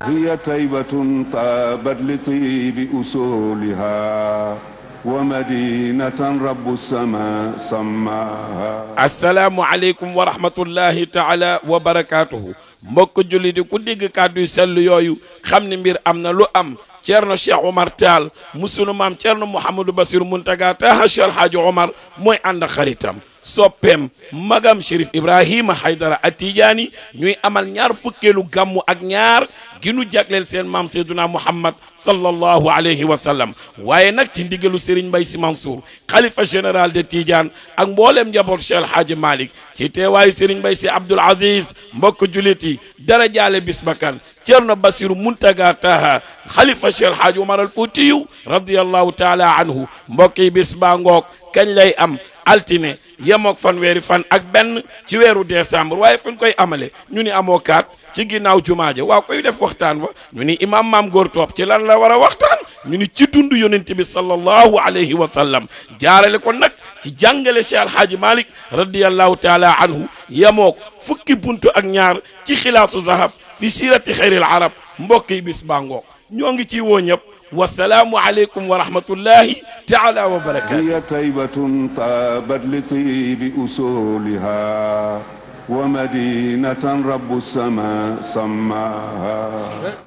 هي طيبة طابت لطيب أصولها ومدينة رب السماء سماها السلام عليكم ورحمة الله تعالى وبركاته mbokk jullit ku dégg kàddu yu sell yooyu xam ne mbir am na lu am Ceerno Cheikh Omar Taal mu sunu maam Ceerno Mouhamadou Bassirou Mountaga Taha Cheikh Alhaaji Omar mooy ànd ak xaritam soppeem magam Chérif Ibrahima Haydara Atijaani ñuy amal ñaar fukkeelu gàmmu ak ñaar gi nu jagleel seen maam Seyduna Muhammad sallallahu alayhi wa sallam waaye nag ci ndigalu Serigne Mbaye Sy Mansour xalifa général de Tidiane ak mbooleem njaboot Cheikh Alhaaji Malick ci teewaayu Serigne Mbaye Sy Abdoul Aziz mbokk jullit yi koy dara jaale bis ba kan Cerno Basiru Muntaga Taha xalifa Cheikh Haaj Omar al Fuutiyu radiyallahu taala anhu mbokk yi bis baa ngoog kañ lay am altine yemook fanweeri fan ak benn ci weeru décembre waaye fu ñu koy amale ñu ni amoo kaat ci ginnaaw jumaaja waaw koy def waxtaan wa ñu ni mam maam góor ci lan la war a waxtaan ñu ni ci dund yonent bi sallallahu alayhi wa sallam jaarale ko nag ci jàngale Cheikh Al Hadj Malick radiyallahu taala anhu yamook fukki buntu ak ñaar ci xilaasu zahab fi siirati xayril arab mbokk yi bis baa ngoog ñoo ngi ciy woo ñëpp wasalaamu aleykum wa rahmatullahi taala wa barakaatu. hiya taybatun taabat li tibi usuliha wa madinatan rabbu sama sammaha